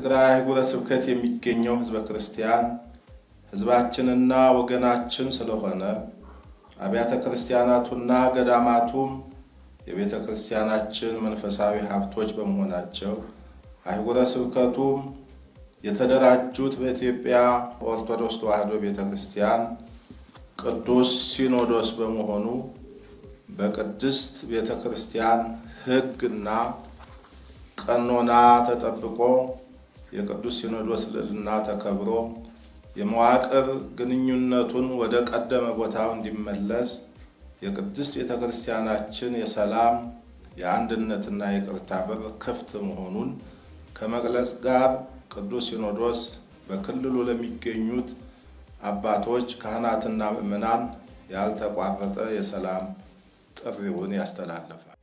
በትግራይ አህጉረ ስብከት የሚገኘው ህዝበ ክርስቲያን ህዝባችንና ወገናችን ስለሆነ አብያተ ክርስቲያናቱና ገዳማቱም የቤተ ክርስቲያናችን መንፈሳዊ ሀብቶች በመሆናቸው አህጉረ ስብከቱም የተደራጁት በኢትዮጵያ ኦርቶዶክስ ተዋህዶ ቤተ ክርስቲያን ቅዱስ ሲኖዶስ በመሆኑ በቅድስት ቤተ ክርስቲያን ህግና ቀኖና ተጠብቆ የቅዱስ ሲኖዶስ ልዕልና ተከብሮ የመዋቅር ግንኙነቱን ወደ ቀደመ ቦታው እንዲመለስ የቅድስት ቤተ ክርስቲያናችን የሰላም የአንድነትና የቅርታ በር ክፍት መሆኑን ከመግለጽ ጋር ቅዱስ ሲኖዶስ በክልሉ ለሚገኙት አባቶች ካህናትና ምዕመናን ያልተቋረጠ የሰላም ጥሪውን ያስተላልፋል።